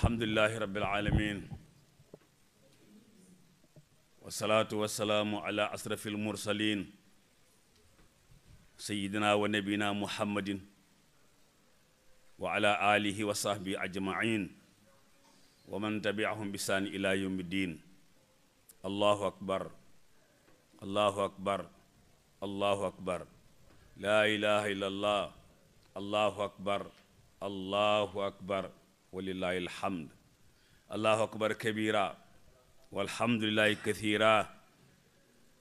alhamdulilahi rabbil alamin wasalaatu wasalaamu ala asrafil mursalin sayidina wa nabina muhammadin wa ala alihi wa sahbi ajmain wa man tabiahum bisaan ila yawmi ddin allahu akbar allahu akbar allahu akbar laa ilaha illa allah allahu akbar allahu akbar walillahi alhamd allahu akbar kabira walhamdulillahi kathira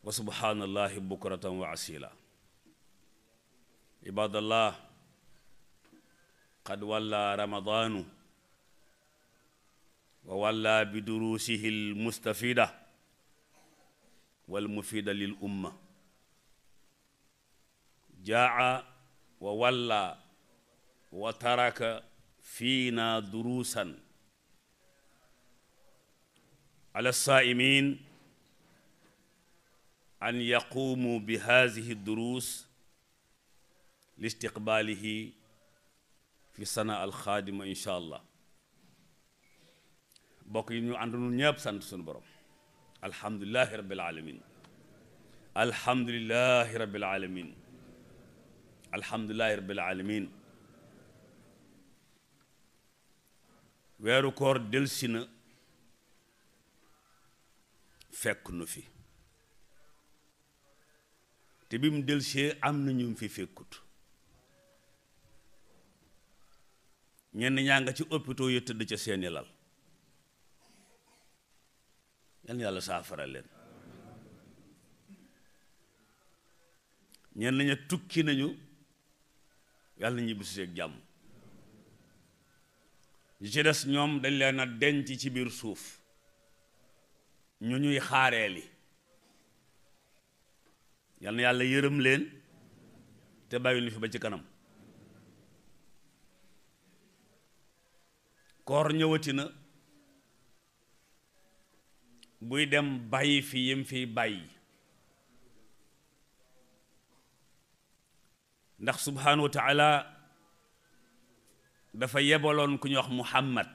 wa subhanallahi bukratan wa asila ibadallah qad walla ramadanu wa walla bi durusihi almustafida walmufida lil umma jaa wa walla wa taraka fiina duruusan ala saaimin an yaquumu bi haadihi duruus li istiqbaalihi fi sana alxaadima incha allah bokk yi ñu àndoon ñëpp sant suñu borom alhamdulilahi rabil alamin alhamdulilahi rabil alamin alhamdulilahi rabil alamin weeru koor delsi na fekk nu fi te bi mu delsee am na ñu fi fekkut ñenn ñaa nga ci hôpitaux yi tëdd ca seeni lal yal yàlla saafara leen ñenn ña tukki nañu yàlla ñibbisi ak jàmm ñi des ñoom dañ leen a denc ci biir suuf ñu ñuy xaareeli yal na yàlla yërëm leen te bàyyi ñu fi ba ci kanam koor ñëwati na buy dem bàyyi fi yim fiy bàyyi ndax subhanahu wa dafa yebaloon ku ñu wax Muhammad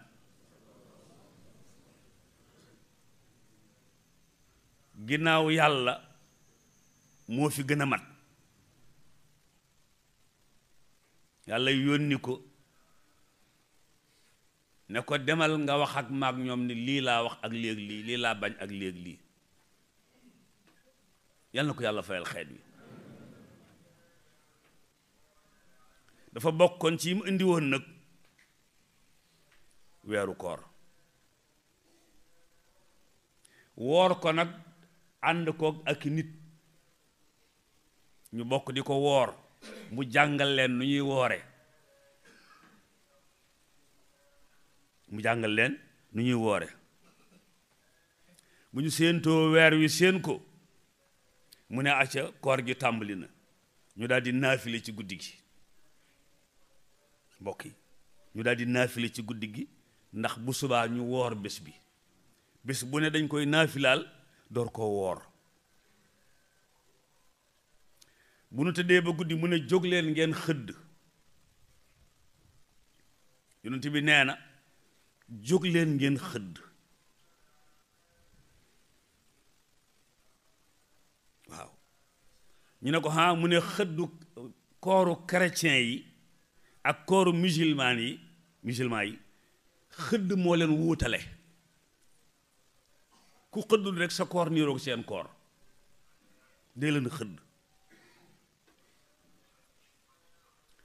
ginnaaw yàlla moo fi gën a mat yàlla yónni ko ne ko demal nga wax ak maag ñoom ni lii laa wax ak léeg lii lii laa bañ ak léeg lii yal na ko yàlla fayal xeet wi dafa bokkoon ci mu indi nag weeru koor woor ko nag ànd koog ak nit ñu bokk di ko woor mu jàngal leen nu ñuy woore mu jàngal leen nu ñuy woore bu ñu séentoo weer wi séen ko mu ne acca koor gi tàmbali na ñu daldi di naafile ci guddi gi mbokk ñu daldi di naafile ci guddi gi ndax bu subaa ñu woor bés bi bés bu ne dañ koy naafilaal door koo woor bu nu tëddee ba guddi mu ne jóg leen ngeen xëdd yonent bi nee na jóg leen ngeen xëdd waaw ñu ne ko ha mu ne xëddu kooru chrétien yi ak kooru musulman yi musulman yi xëdd moo leen wuutale ku xëddul rekk sa koor niroog seen koor day leen xëdd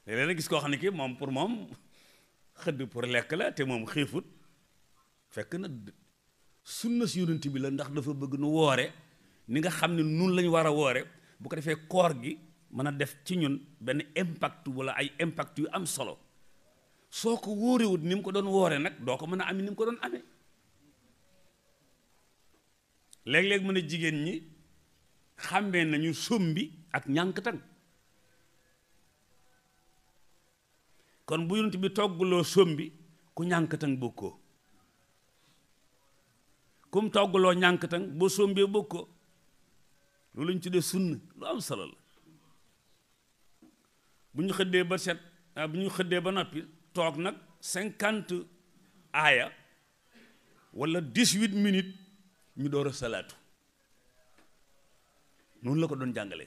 léeg-léeg gis koo xam ne kii moom pour moom xëdd pour lekk la te moom xiifut fekk na sunna si yonent bi la ndax dafa bëgg nu woore ni nga xam ne nun lañ war a woore bu ko defee koor gi mën a def ci ñun benn impact wala ay impact yu am solo soo ko wóorewut ni mu ko doon woore nag doo ko mën a ame ni mu ko doon amee léeg-léeg mën a jigéen ñi xàmmee nañu sombi ak ñànkatan kon bu yonent bi togguloo sombi ku ñànkatan bokkoo kum togguloo ñànkatan boo sombee ko loolu ñu tuddee sunna lu am solo la bu ñu xëddee ba set ah, bu ñu xëddee ba noppi toog nag cinquante aaya wala dix-huit minutes ñu door a salaatu noonu la ko doon jàngale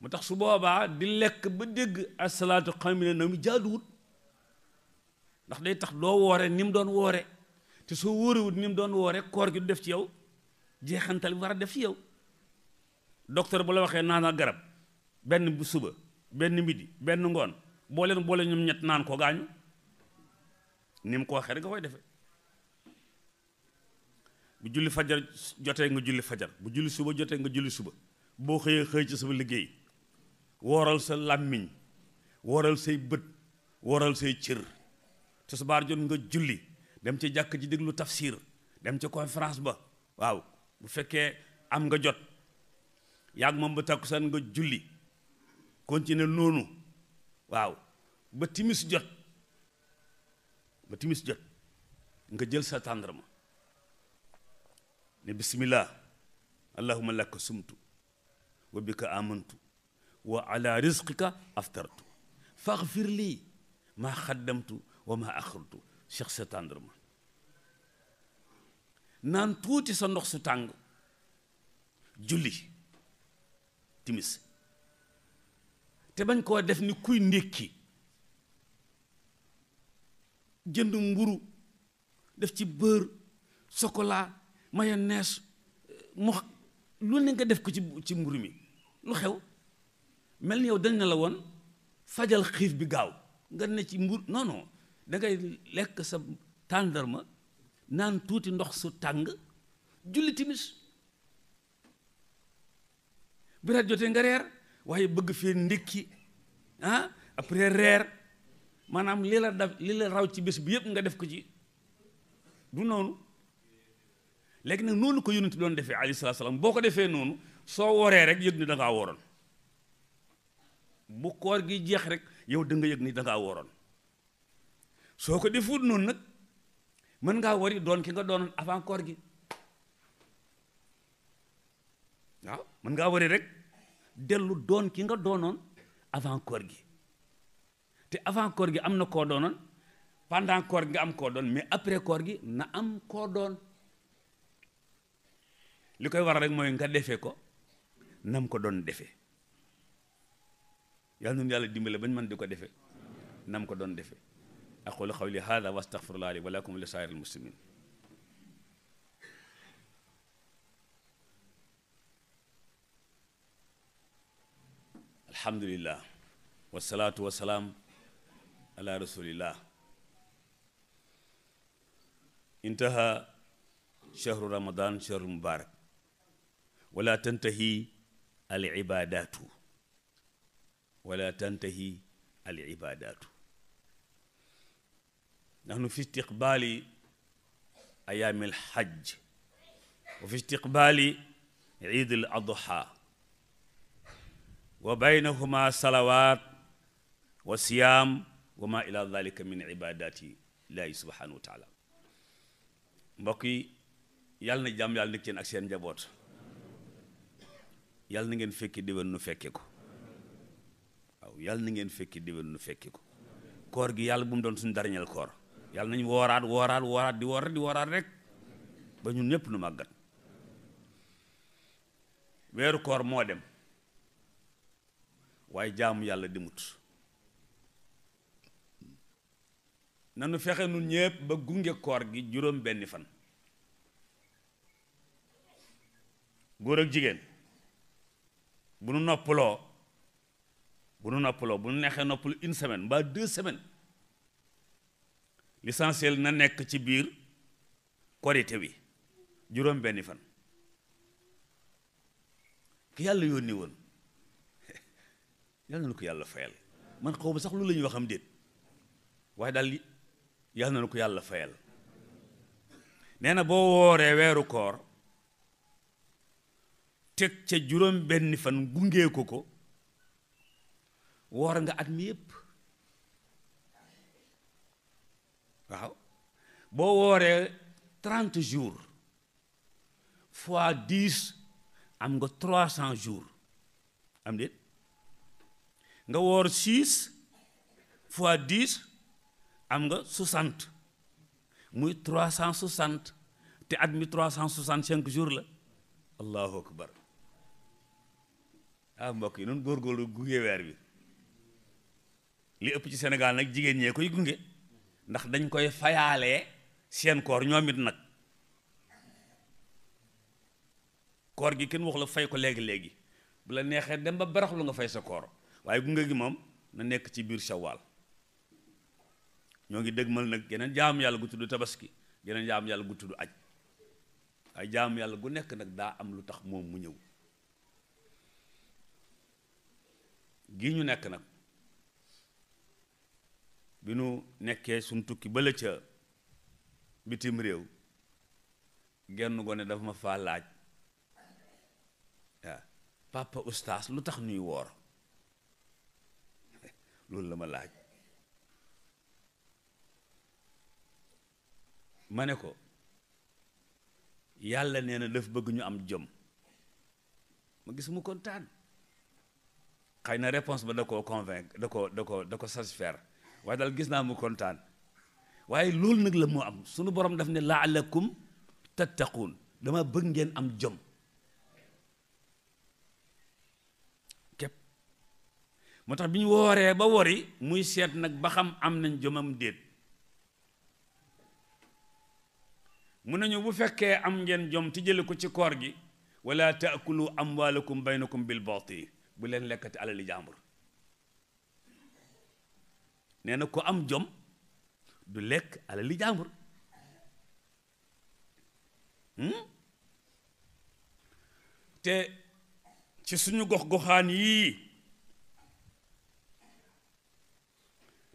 mu tax su boobaa di lekk ba dégg asalaatu xamile na mu jaaduwut ndax day tax doo woore ni mu doon woore te soo wóorewut ni mu doon woore koor gi du def ci yow jeexantal bi war a def ci yow docteur bu la waxee naanal garab benn bu suba benn midi benn ngoon boo leen boole ñoom ñett naan ko gaañu ni mu ko waxee rek nga koy defee bu julli fajar jotee nga julli fajar bu julli suba jotee nga julli suba boo xëyee xëy ci suba liggéey wooral sa làmmiñ wooral say bët wooral say cër baar jot nga julli dem ci jàkk ji déglu tafsir dem ci conférence ba waaw bu fekkee am nga jot yàgg moom ba seen nga julli continuer noonu waaw ba timis jot ba timis jot nga jël sa tàndarma ne bismillah allahuma laka sumtu wa bika amantu wa ala rizqika aftartu faghfir lii maa xaddamtu wa maa axartu cheikh sa tàndarma naan tuuti sa ndox si tàng julli timis te bañ koo def ni kuy ndékki jënd mburu def ci beurre chocolat mayonnaise mu lu ne nga def ko ci ci mburu mi lu xew mel ni yow dañ na la woon fajal xiif bi gaaw nga ne ci mbur non dangay lekk sa tàndarma naan tuuti ndox su tàng julli timis bi jotee nga reer waaye bëgg fee ndékki ah après reer maanaam li la daf li la raw ci bés bi yëpp nga def ko ci du noonu léegi nag noonu ko yonent doon defee alayhi salaatu salaam boo ko defee noonu soo woree rek yëg ni dangaa ngaa bu koor gi jeex rek yow da nga yëg ni da ngaa woroon soo ko defut noonu nag mën ngaa wari doon ki nga doon avant koor gi waaw mën ngaa wari rek dellu doon ki nga doonoon avant koor gi te avant koor gi am na koo doonoon pendant koor gi nga am koo doon mais après koor gi na am koo doon li koy waral rek mooy nga defee ko nam ko doon defee yàlla nun yàlla dimbale ba ñu di ko defee nam ko doon defee aqulu qawli hada wa astaghfirullah li wa lakum wa li saa'iril muslimin alhamdulillah wasalaatu wasalaam ala rasulillah intaha chahru ramadan chahru mubarak wala tantahi al ibadatu wala tantahi al ibadatu nahnu fi istiqbali ayaami alxaj wa fi istiqbali iid al adha wa baynahuma salawat wa siyaam wa ma ila dalika min ibadati laahi subhanahu wa taala mbokk yi yàlla na jàmm yàlla nekk seen ak seen njaboot yàlla na ngeen fekki déwén nu fekke ko waaw yàlla na ngeen fekki déwén nu fekke ko koor gi yàlla bu mu doon suñu darañel koor yàlla nañ wooraat wooraat di woor rek ba ñu ñëpp nu màggat weeru koor moo dem waaye jaamu yàlla di demut nanu fexe nu ñépp ba gunge koor gi juróom benni fan góor ak jigéen bu nu noppaloo bu nu noppaloo bu nu neexee noppalu une semaine mbaa deux semaines l'essentiel na nekk ci biir korite wi juróom benni fan ki yàlla yónni woon yàlla na ko yàlla fayal man xaw ma sax lu la ñuy wax am déet waaye daal yàlla na ko yàlla fayal nee na boo wooree weeru koor teg ca juróom benn fan gungee ko ko woor nga at mi yépp waaw boo wooree trente jours fois dix am nga trois cents jours am déet nga woor 6 fois 10 am nga 60 muy 360 te at mi 365 jours la allahu akbar ah mbokk yi noonu góorgóorlu gunge weer bi li ëpp ci senegal nag jigéen ñee koy gunge ndax dañ koy fayaalee seen koor ñoom it nag koor gi kenn wax la fay ko léegi-léegi bu la neexee dem ba baraxlu nga fay sa koor waaye gunge gi moom na nekk ci biir shawaal ñoo ngi dëgmal nag geneen jaam yàlla gu tudd tabaski geneen jaam yàlla gu tudd aj waaye jaam yàlla gu nekk nag daa am lu tax moom mu ñëw gi ñu nekk nag bi nu nekkee suñ tukki bële ca bitim réew genn gone dafa ma faa laaj waaw ah, ustaas lu tax ñuy woor loolu la ma laaj ma ne ko yàlla nee na daf bëgg ñu am jom ma gis mu kontaan xëy na réponse ba da koo convaincre da ko da ko da ko satisfaire waaye daal gis naa mu kontaan waaye loolu nag la mu am sunu borom daf ne laalakum tattaquun dama bëgg ngeen am jom moo tax bi ñu wooree ba wori muy seet nag ba xam am nañ jomam déet mun nañu bu fekkee am ngeen jom ti jële ko ci koor gi wala taakulu amwaalakum baynakum bil yi bu leen lekkati alali jàmbur neena ko am jom du lekk alali jàmbur hmm? te ci suñu gox goxaan yii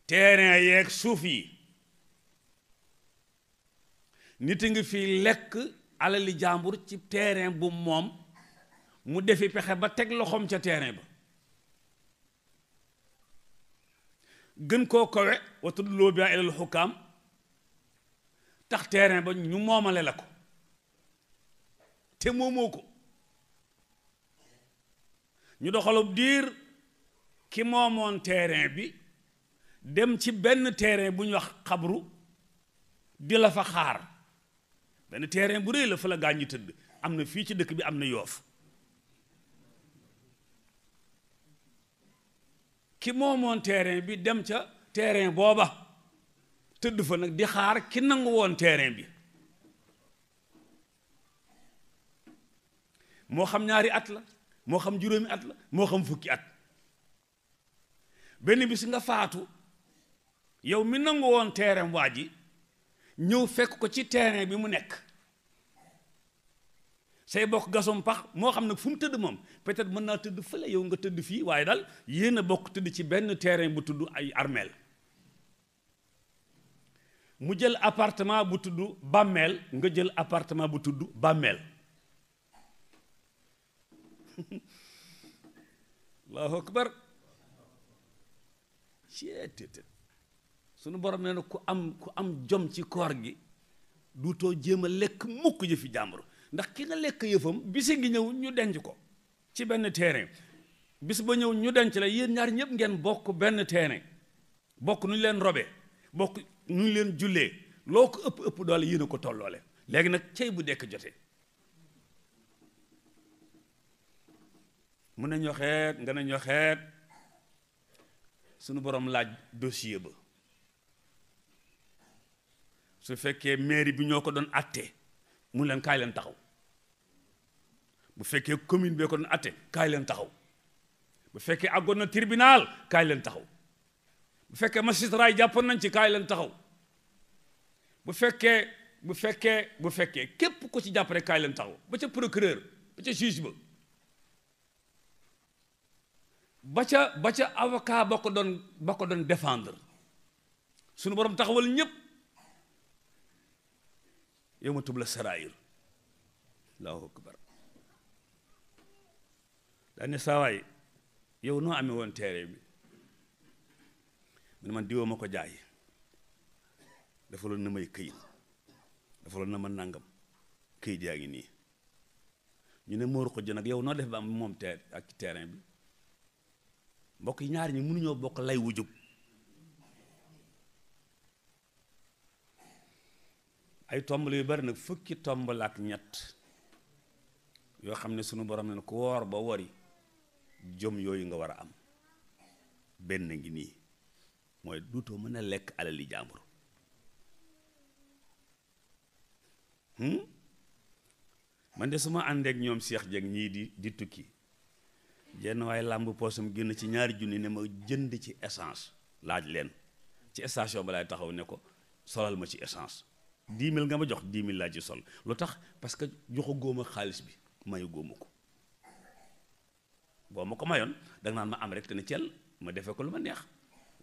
terrain yeeg suuf yi nit a ngi fi lekk alali jàmbur ci terrain bu moom mu defi pexe ba teg loxoom ca terrain ba gën koo kowe wa tuddloo bi ilal xukkaam tax terrain ba ñu moomale la ko te moomoo ko ñu doxalub diir ki moomoon terrain bi dem ci benn terrain bu ñu wax xabru di la fa xaar benn terrain bu rëy la fa la gaañu tëdd am na fii ci dëkk bi am na yoof ki moomoon terrain bi dem ca terrain booba tëdd fa nag di xaar ki nangu woon terrain bi moo xam ñaari at la moo xam juróomi at la moo xam fukki at benn bis nga faatu yow mi nangu woon terrain waa ji ñëw fekk ko ci terrain bi mu nekk say bokk gasum pax moo xam nag fu mu tëdd moom peut-être mën naa tëdd fële yow nga tëdd fii waaye dal yéen a bokk tëdd ci benn terrain bu tudd ay armeel mu jël appartement bu tudd bàmmeel nga jël appartement bu tudd bàmmeel allahu akbar sunu borom nee na ku am ku am jom ci koor gi duutoo jéem a lekk mukk yëfi jàmbur ndax ki nga lekk yëfam bisi ngi ñëw ñu denc ko ci benn terrain bis ba ñëw ñu denc la yéen ñaar ñëpp ngeen bokk benn terrain bokk nu ñu leen robee bokk nu ñu leen jullee loo ko ëpp ëpp doole yéen ko tolloole léegi nag cey bu dekk jotee mun na ñoxeet nga ne ñoxeet sunu borom laaj dossier ba su fekkee mairie bi ñoo ko doon attee mu leen kaay leen taxaw bu fekkee commune bee ko doon atte kaay leen taxaw bu fekkee àggoon na tribunal kaay leen taxaw bu fekkee magistrat yi jàppoon nañ ci kaay leen taxaw bu fekkee bu fekkee bu fekkee képp ko ci jàpp kaay leen taxaw ba ca procureur ba ca juge ba ba ca ba ca avocat ba ko doon ba ko doon défendre suñu borom taxawal ñëpp yawma tubla saraayir allahu akbar daane saawaay yow noo amee woon teere bi mu ne man diwoo ma ko jaay defaloon na may këyit defaloon na ma nangam këyit yaa ngi nii ñu ne mooru ko jën ak yow noo def ba am moom teer ak terrain bi mbokk yi ñaar ñi mënuñoo bokk lay wu ay tomb yu bari nag fukki tomb la ñett yoo xam ne sunu borom ne ku woor ba wori jom yooyu nga war a am benn ngi nii mooy duutoo mën a lekk alali jàmbur hmm? man de su ma àndeek ñoom Cheikh jeg ñii di di tukki jenn waaye làmb poosam génn ci ñaari junni ne ma jënd ci essence laaj leen ci station ba laay taxaw ne ko solal ma ci essence dix nga ma jox dix mille laa ci sol lu tax parce que joxu góoma xaalis bi mayu góoma ko boo ma ko mayoon da nga naan ma am rek te ne cel ma defee ko lu ma neex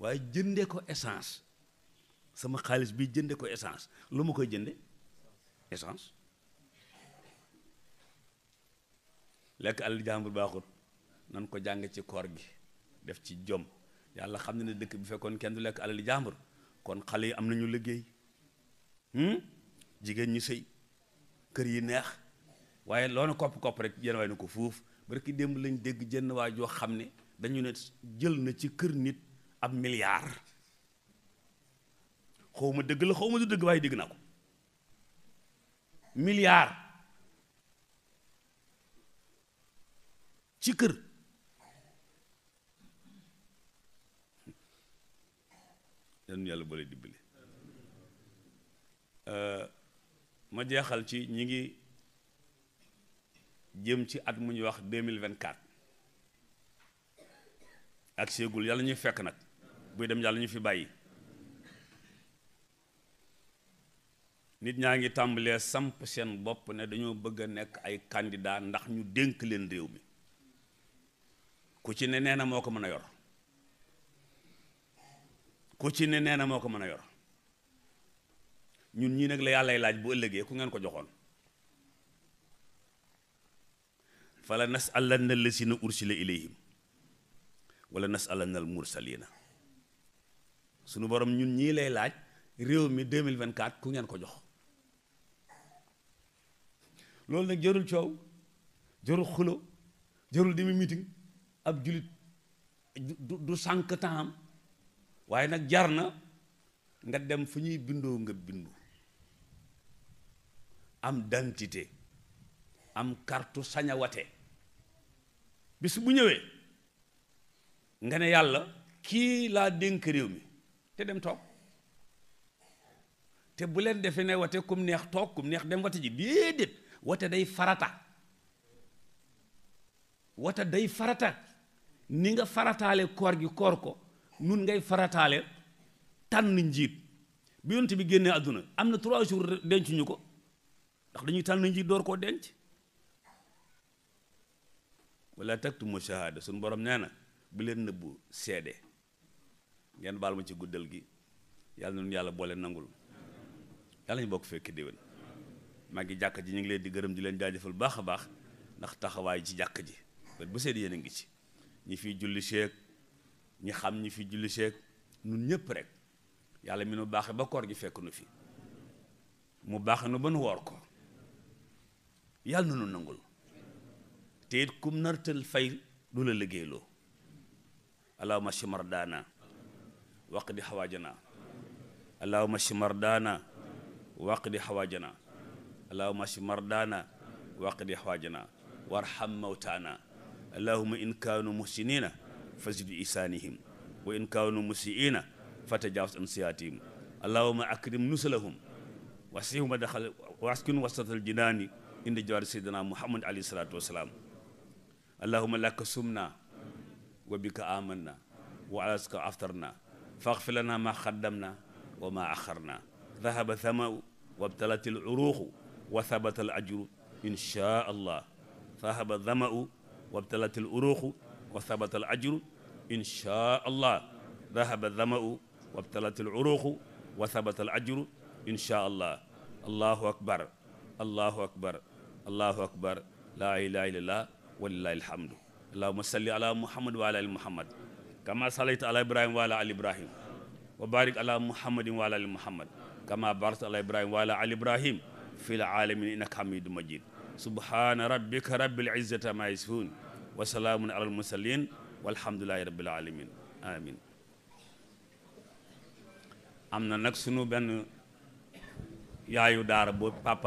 waaye jëndee ko essence sama xaalis bi jënde ko essence lu ma koy jënde essence lekk àll jàmbur baaxut nan ko jàng ci koor gi def ci jom yàlla xam ne ne dëkk bi fekkoon kenn du lekk àll jàmbur kon xale yi am nañu liggéey Hmm? jigéen ñi sëy kër yi neex waaye loona kopp-kopp rek jën waay na ko fuuf ba rek démb lañ dégg jënn waay joo xam ne dañu ne jël na ci kër nit ab milliard xaw ma dëgg la xaw ma du dëgg waaye dégg naa ko milliard ci kër yan yàlla boole dimbali ma jeexal ci ñi ngi jëm ci at mu ñuy wax 2024 ak séegul yàlla ñuy fekk nag buy dem yàlla ñu fi bàyyi nit ñaa ngi tàmbalee samp seen bopp ne dañoo bëgg a nekk ay candidat ndax ñu dénk leen réew mi ku ci ne nee na moo ko mën a yor ku ci ne nee na moo ko mën a yor ñun ñii nag la yàllay laaj bu ëllëgee ku ngeen ko joxoon fala nasalanna lasina ursila ilayhim wala nasalanna al mursalina sunu boroom ñun ñii lay laaj réew mi 2024 ku ngeen ko jox loolu nag jarul coow jarul xulo jarul demi meeting ab julit du du temps am waaye nag jar na nga dem fu ñuy bindoo nga bindu am dentité am kartu sañawate a bis bu ñëwee nga ne yàlla kii laa dénk réew mi te dem toog te bu leen defe ne wate kum neex toog kum neex dem wate ji déedéet wate day farata wate day farata ni nga farataale koor gi koor ko nun ngay farataale tànn njiit bi yonent bi génnee àdduna am na trois jours dencuñu ko ndax dañuy tànn njiit door koo denc wala taktumu shahada suñu borom nee na bu leen nëbbu seede ngeen baal ma ci guddal gi yàlla nañu yàlla boole nangul yàlla ñu bokk fekk déwén mag ngi jàkk ji ñu ngi leen di gërëm di leen jaajëfal baax a baax ndax taxawaay ci jàkk ji bët bu seede yéen a ngi ci ñi fiy julli seek ñi xam ñi fi julli seek nun ñëpp rek yàlla mi nu baaxe ba koor gi fekk nu fi mu baax nu ba nu woor ko yàlla na nu nangul te it kum nartal fay du la liggéeyloo allahumma si mardaana waq di xawaajana allahumma si mardaana waq di xawaajana allahumma si mardaana waq di xawaajana warham mawtaana allahumma in kaanu muhsinina fazid bi isaanihim wa in kaanu musiina fatajaawaz an siyaatihim allahumma akrim nusalahum wasihum madaxal waskin wasatal jinaani indi jawaar seydina muhammad alayhi salaatu wasalaam allahuma laka sumna wa bika amanna wa alaska aftarna faghfir lana ma qaddamna wa ma axarna dahaba thamau wabtalat al uruqu wa thabata al ajru insha allah dahaba thamau wabtalat al uruqu wa thabata al ajru insha allah dahaba thamau wabtalat al uruqu wa thabata al ajru insha allah allahu akbar allahu akbar allahu akbar laa ilaha illallah walillahi alhamdu allahuma salli ala muhammad wa ala ali muhammad kama salayta ala ibrahim wa ala ali ibrahim wa barik ala muhammadin wa ala ali muhammad kama barakta ala ibrahim wa ala ali ibrahim fi lalamin innaka hamidu majid subhana rabbika rabbil izzati amma yasifun wa salaamun ala almursalin walhamdulillahi rabbil alamin amin am na nag sunu benn yaayu daara boobu papa